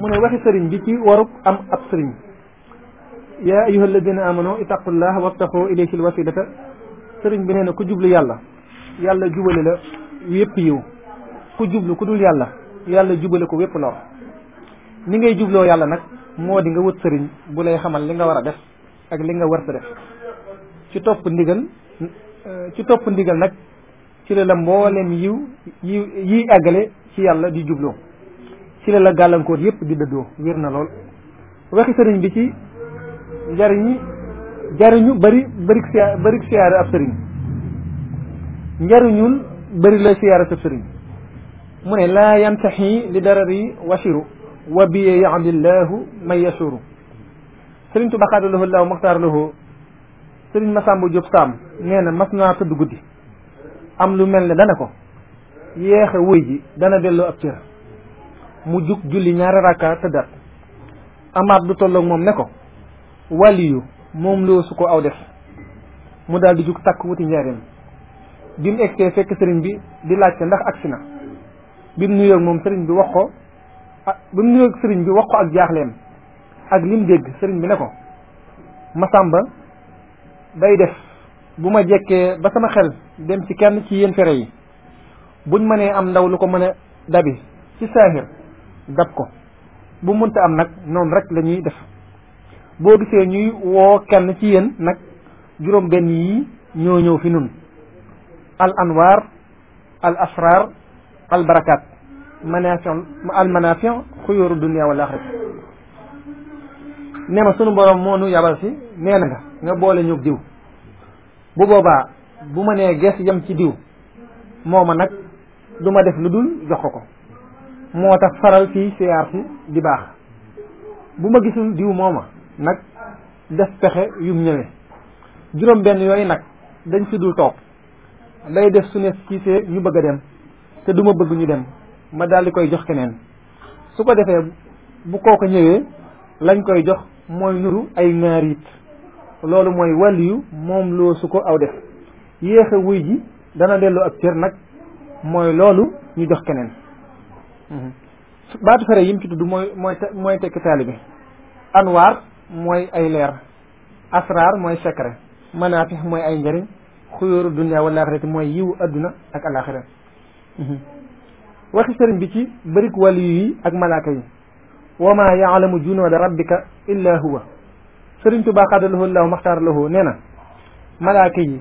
mu ne waxi sëriñ bi ci warub am ab sëriñ yaa ayuha alladina amanu itaqullah wabtaxu ilayhi alwasilata sëriñ bi nee na ku jublu yàlla yàlla jubale la wépp yiw ku jublu ku dul yàlla yàlla jubale ko wépp lor ni ngay jubloo yàlla nag moo di nga wut sëriñ bu lay xamal li nga war a def ak li nga war sa def ci topp ndigal ci topp ndigal nag ci la la mboolem yiw yi yiy àggale ci yàlla di jubloo ci la gàllankoor yépp di dëddoo wér na lool waxi sëriñ bi ci njariñi njariñu bari bari bari siyaare ab sëriñ njariñul bari la siyaare ab sëriñ mu ne laa yantaxi li darari washiru wa biye yahdillahu man yasuru sëriñ Tuubaa xaada lahu laahu maxtaar sëriñ Masamba Diop Sam nee na mas naa tëdd guddi am lu mel ni dana ko yéex wuy ji dana delloo ab cër mu jug julli ñaari rakka tëddaat amaat du tolloog moom ne ko waliyu moom loo su ko aw def mu daal di jug takk wuti njaareem bi mu egsee fekk sëriñ bi di laajte ndax agsi na bi mu nuyoog moom sëriñ bi wax ko ah bi mu nuyoog sëriñ bi wax ko ak jaaxleem ak lim dégg sëriñ bi ne ko Masamba day def bu ma jekkee ba sama xel dem ci kenn ci yéen fere yi buñ mënee am ndaw lu ko mën a dabi ci saahir dab ko bu mënta am nag noonu rek lañuy def boo gisee ñuy woo kenn ci yéen nag juróom benn yi ñoo ñëw fi nun al anwaar al asrar al barakat manation al manation xuyóoru dunia wal axira nee ma sunu borom moo nu yabal si nee na nga nga boole ñu diw bu boobaa bu ma nee gees yam ci diw mooma nag du ma def lu dul jox ko moo tax faral fii siyaar si di baax bu ma gisul diw mooma nag def pexe yum ñëwee juróom benn yooyu nag dañ si dul toog day def su ne siisee ñu bëgg a dem te du ma bëgg ñu dem ma daal di koy jox keneen su ko defee bu ko ñëwee lañ koy jox mooy nuru ay ŋaarit loolu mooy wàll yu moom loo su ko aw def yéex wuy ji dana delloo ak cër nag mooy loolu ñu jox keneen baatu fere yim ci tudd mooy mooy mooy tekki taalibe anwaar mooy ay leer asraar mooy secret manaafix mooy ay njëriñ xuyóoru dunia wala axirati mooy yiwu adduna ak alaxira mhm. waxi sëriñ bi ci bërik wàllu yi ak malaaka yi wa ma yaalamu junuuda rabbika illa huwa sëriñ tubaa xaadalahu allahu maxtaar lahu nee na malaaka yi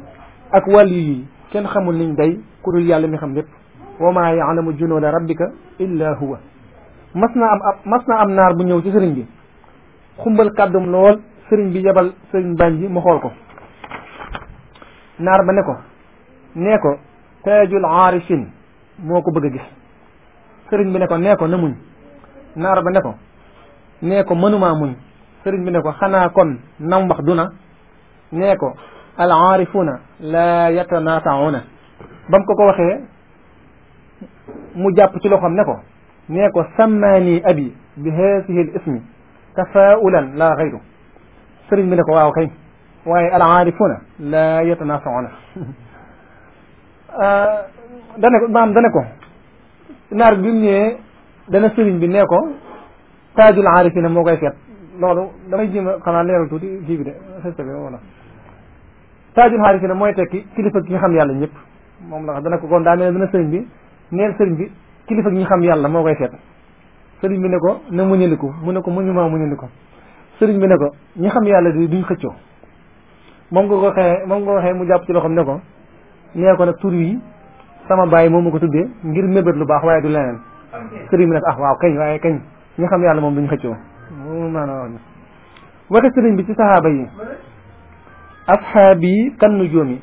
ak wàllu yi kenn xamul niñ day ku dul yàlla mi xam lépp wa maa yaalamu junuuda rabbika illa huwa mas naa am naar bu ñëw ci sëriñ bi xumbal kàddum lool sëriñ bi yebal sëriñ bànji mu xool ko naar ba ne ko nee ko taajul aarifin moo ko bëgg gis sëriñ bi ne ko nee ko na muñ naar ba ne ko nee ko mënumaa muñ sëriñ bi ne ko xanaa kon nam wax duna nee ko al aarifuuna laa yatanaatauna bam ko ko waxee mu jàpp ci loxoom ne ko nee ko sammaani abi bi haadihi l ismi tafaaulan laa xayru bi ne ko waaw kay waaye al aarifuuna laa yatanaasauna ah, dane ko maam dane ko naar bi mu dana sëriñ bi nee ko taajul aarifiina moo koy seet loolu damay jéem a xanaa leeral tuuti kii bi de xëst bi wala taajul mooy tekki kilifa ki nga xam yàlla ñëpp moom la dana ko kon daa mel dana sëriñ bi neel sëriñ bi kilifa gi ñu xam yàlla moo koy seet sëriñ bi ne ko na muñaliku mu ne ko muñuma ko sëriñ bi ne ko ñi xam yàlla di duñ xëccoo moom ko waxee moom nga ko waxee mu jàpp ci loxoom ne ko nee ko nag tur wi sama bàyyi moom ma ko tuddee ngir mébét lu baax waaye du leneen sëriñ bi ne ko ah waaw kañ waaye kañ ñi xam yàlla moom duñ xëccoo maanaam waxe sëriñ bi ci saxaaba yi ashaabi kan nujuumi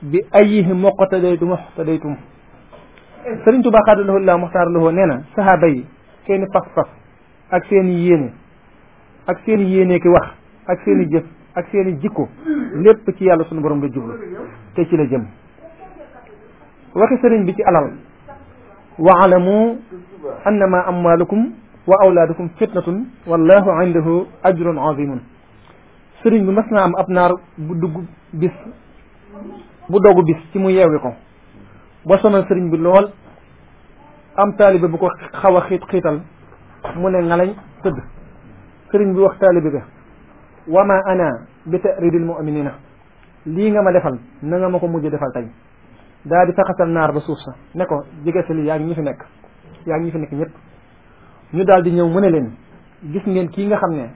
bi ayyihi muqtadaytum muqtadaytum Sëriñ Tuubaa xaadalahoo laa muxtaar lahoo nee na sahaaba yi seeni pas-pas ak seeni yéene ak seeni yéene ki wax ak seeni jëf ak seeni jikko lépp ci yàlla sunu borom la jublu te ci la jëm waxi sëriñ bi ci alal waalamu annama amwalukum wa awlaadukum fitnatun wallahu indahu ajrun azimun sëriñ bi mas naa am ab naar bu dugg bis bu dogu bis ci mu yeewi ko ba sonal sëriñ bi lool am taalibe bu ko xawa a xiit xiital mu ne ngalañ tëdd sëriñ bi wax taalibe ga wama ana bi taridil na lii nga ma defal na nga ma ko mujj defal tey daal di taxasal naar ba suuf sa ne ko jege si li yaa ngi fi nekk yaa ngi fi nekk ñëpp ñu daal ñëw mu ne leen gis ngeen kii nga xam ne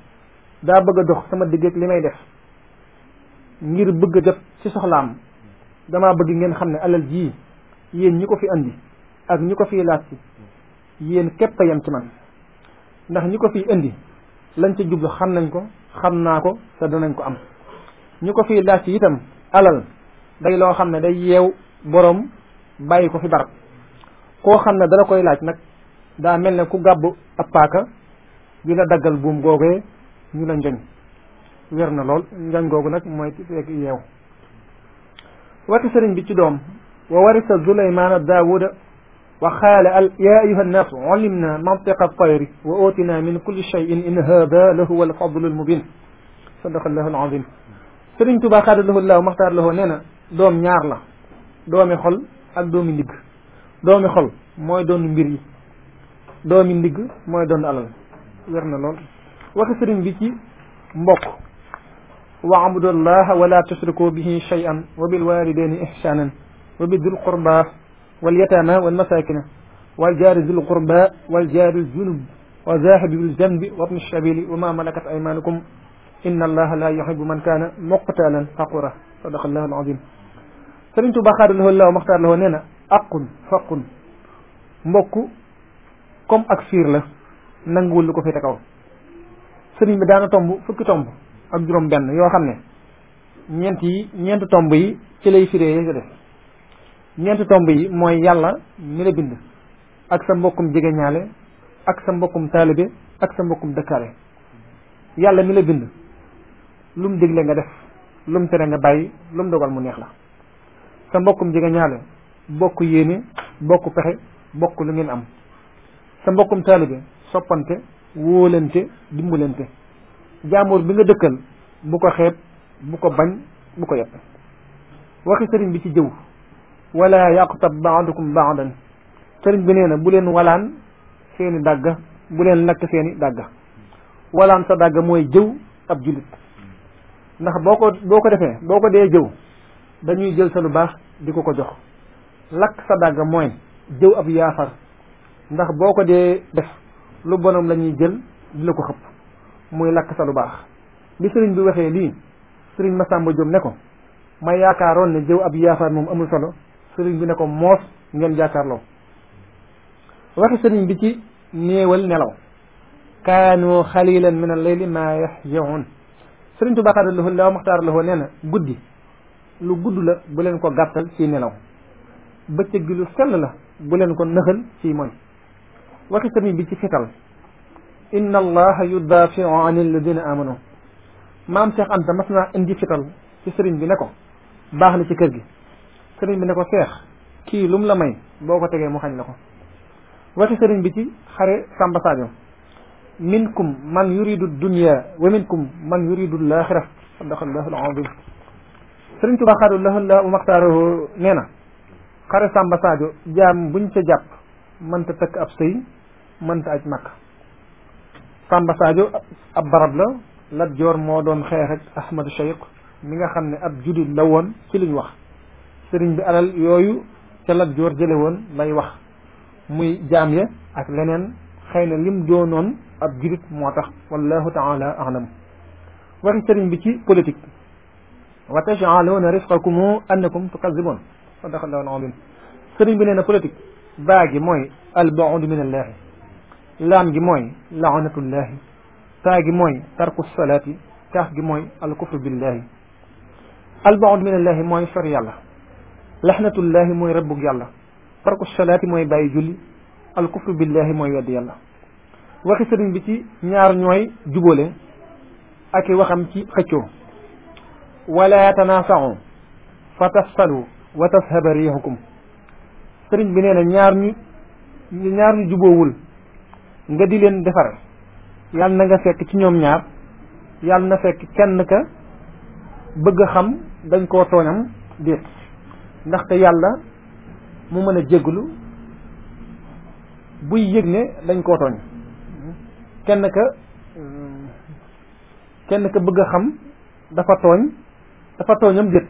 daa bëgg a dox sama digg ak li may def ngir bëgg a jot ci soxlaam damaa bëgg ngeen xam ne alal jii yéen ñi ko fi andi ak ñi ko fi laaj si yéen képp a ci man ndax ñi ko fi indi lañ ci jublu xam nañ ko xam naa ko te danañ ko am ñi ko fi laaj si itam alal day loo xam ne day yeew boroom bàyyi ko fi barab koo xam ne dala koy laaj nag daa mel ne ku gàbb ab paaka di la daggal buum googee ñu la njoñ wér na lool njoñ googu nag mooy fekk yeew waxi sëriñ bi ci doom وورث سليمان داود وقال يا أيها الناس علمنا منطق الطير وأوتنا من كل شيء إن هذا لهو الفضل المبين صدق الله العظيم Sëriñ Tuubaa xaadalahu llaahu maxtaar lahu nee na doom ñaar la doomi xol ak doomi ndigg doomi xol mooy doon mbir yi doomi ndigg mooy doon alal wér na lool waxi sëriñ bi ci mbokk wa abudullaha wala tushriku bihi shay'an wa bil walidaini ihsanan wa bi dul qurba wal yataama wal masaakina wal jaari dul qurba wal jaari junub wa zaahibi bil janbi wa ibni sabili wa ma malakat aymanukum inna allaha la yuhibbu man kaana muqtalan faqura sadaqa allahu alazim sëriñ Tuubaa xaadalahoo laaw maxtaar lahoo nee na aqun faqun mbokk comme ak fiir la nanguwul lu ko féete kaw sëriñ bi daana tomb fukki tomb ak juróom benn yoo xam ne ñeent yi ñeent tomb yi ci lay firee yi def ñeenti tomb yi mooy yàlla mi la bind ak sa mbokkum jegeñaale ak sa mbokkum taalibe ak sa mbokkum dëkkaale yàlla mi la bind lum digle nga def lum tere nga bàyyi lum dogal mu neex la sa mbokkum jegeñaale bokk yéene bokk pexe bokk lu ngeen am sa mbokkum taalibe soppante wóolante dimbalante jaamoor bi nga dëkkal bu ko xeeb bu ko bañ bu ko yepp waxi sëriñ bi ci jëw yàquta wala yaqtab baadukum baadan sëriñ bi nee na bu leen walaan seeni i dàgg bu leen lakk seen i dàgg sa dàgg mooy jëw ab jullit ndax boo ko boo ko defee boo ko dee jëw dañuy jël sa lu baax di ko ko jox lakk sa dàgg mooy jëw ab yaafar ndax boo ko dee def lu bonam la ñuy jël di la ko xëpp muy lakk sa lu baax bi sëriñ bi waxee lii sëriñ Massamba Diop ne ko ma yaakaaroon ne jëw ab yaafar moom amul solo sëriñ bi ne ko moos ngeen jàkkaarloo waxi sëriñ bi ci néewal nelaw kaanu xalilan min al-layli ma yahjaun sëriñ Tuubaa xaadalaho laa maxtaar laho nee na guddi lu gudd la bu leen ko gàttal ci nelaw bëccëg gi lu sell la bu leen ko nëxal ci mooy waxi sëriñ bi ci fital inna allaha yudafiu an alladina amanu maam Cheikh Anta mas naa indi fital ci sëriñ bi ne ko baax na ci kër gi sëriñ bi ne ko seex kii lu mu la may boo ko tegee mu xañ la ko waxi sëriñ bi ci xare Samba Sadio minkum man yuridu dunya wa minkum man yuridu laaxira sadaqallahu al-azim sëriñ Tuubaa xaadallahu lahu maxtaarahu nee na xare Samba Sadio jaam buñ ca jàpp mënta takk ab sëy mënta aj makk Samba Sadio ab barab la Lat Joor moo doon xeex ak Ahmadu Shayq mi nga xam ne ab judit la woon ci liñ wax sëriñ bi alal yooyu ca Lat Joor jële woon lay wax muy jaam ya ak leneen xëy na lim doonoon ab jurit moo tax wallahu taala alam waxi sëriñ bi ci politique wa taj'aluuna rifqakum annakum tukazzibuun sadaqa allahu al-aziim sëriñ bi nee na politique baa gi mooy al-bu'd min allahi laam gi mooy laanatullahi taa gi mooy tarku salaati kaaf gi mooy al-kufru billahi al-bu'd min allahi mooy sori yàlla laxnatullahi mooy rabbug yàlla tarku salaati mooy bàyyi julli al billahi mooy wedd yàlla waxi sëriñ bi ci ñaar ñooy jubóole ak i waxam ci xëccoo wala tanaasaxu fa tafsalu wa tashaba riixukum sëriñ bi nee na ñaar ñu ñaar ñu jubóowul nga di leen defar yàlla na nga fekk ci ñoom ñaar yàlla na fekk kenn ka bëgg a xam dañ koo tooñam déet ndaxte yàlla mu mën a jégalu buy yëg ne dañ koo tooñ kenn ka kenn ka bëgg a xam dafa tooñ dafa tooñam jët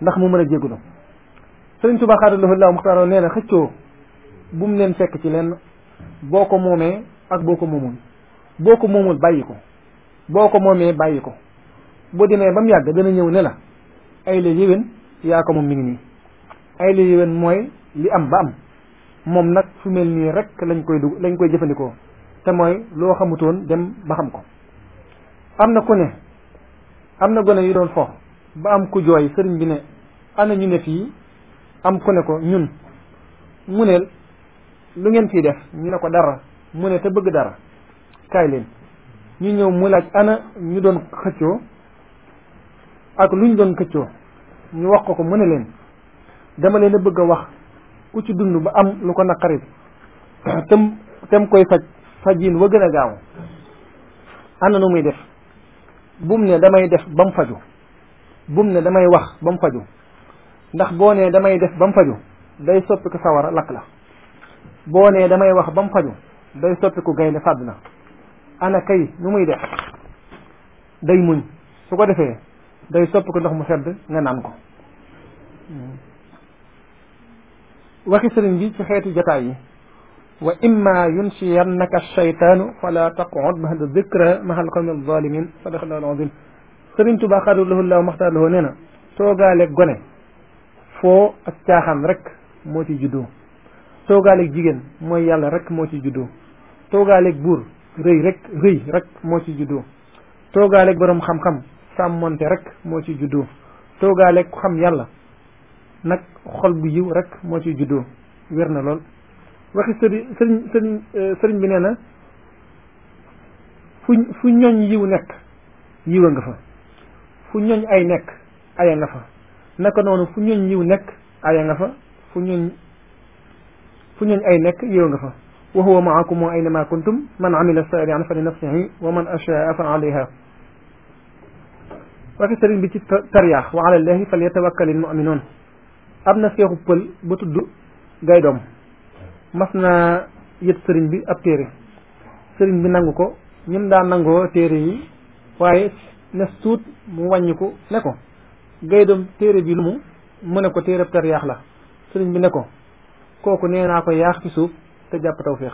ndax mu mën a jégalu sëriñ Tuubaa xaadalohu laahu muxtaaroo nee na xëccoo bu mu leen fekk ci leen boo ko moomee ak boo ko moomul boo ko moomul bàyyi ko boo ko moomee bàyyi ko boo demee ba mu yàgg dana ñëw ne la ay la yéwén yaa ko moom mi ngi nii ay la yéwén mooy li am ba am moom nag fu mel nii rek lañ koy dugg lañ koy jëfandikoo te mooy loo xamutoon dem ba xam ko am na ku ne am na gone yu doon fo ba am ku jooy sëriñ bi ne ana ñu ne fii am ku ne ko ñun mu ne lu ngeen fii def ñu ne ko dara mu ne te bëgg dara kaay leen ñu ñëw mu laaj ana ñu doon xëccoo ak lu ñu doon xëccoo ñu wax ko ko mu ne leen dama leen bëgg a wax ku ci dund ba am lu ko naqarit tem tem koy faj fajiin wa gën a gaaw ana nu muy def bum ne damay def ba mu faju bum ne damay wax ba mu faju ndax boo nee damay def ba mu faju day soppi ko sawara lakk la boo nee damay wax ba mu faju day soppi ko gaynde fàdd na ana kay nu muy def day muñ su ko defee day soppi ko ndox mu sedd nga naan ko hmm. waxi sëriñ bi ci xeetu jotaay yi wa imma yunsiyannaka shaytaanu fala taqud ba'da dikra mahal qawmi zalimin sadaqa llahu alazim sëriñ Tuubaa xaadallahu llahu maxtaarlahu nee na toogaale gone foo ak caaxaan rek moo ci juddoo toogaaleeg jigéen mooy yàlla rek moo ci juddoo toogaaleeg buur rëy rek rëy rek moo ci juddoo toogaaleeg boroom xam-xam sàmmonte rek moo ci juddoo toogaaleeg ku xam yàlla nag xol bu yiw rek moo ci juddoo wér na lool waxi sëriñ sëriñ e, sëriñ bi nee na fu fu ñooñ yiw nekk yiw a nga fa fu ñooñ ay nekk aya nga fa naka noonu fu ñooñ yiw nekk aya nga fa fu ñooñ fu ñooñ ay nekk yiw a nga fa wa huwa maakum wa aynama kuntum man amila saalihan fa li nafsihi wa man ashaa fa alayha waxi sëriñ bi ci tariyaax wa ala llahi falyatawakkal al mu'minuun am na seexu pël bu tudd gaydoom mas na yët sëriñ bi ab téere sëriñ bi nangu ko ñun daa nangoo téere yi waaye nes tuut mu wàññi ko ne ko gaydoom téere bi lu mu mu ne ko téere per yaax la sëriñ bi ne ko kooku nee naa ko yaax ci suuf te jàpp feex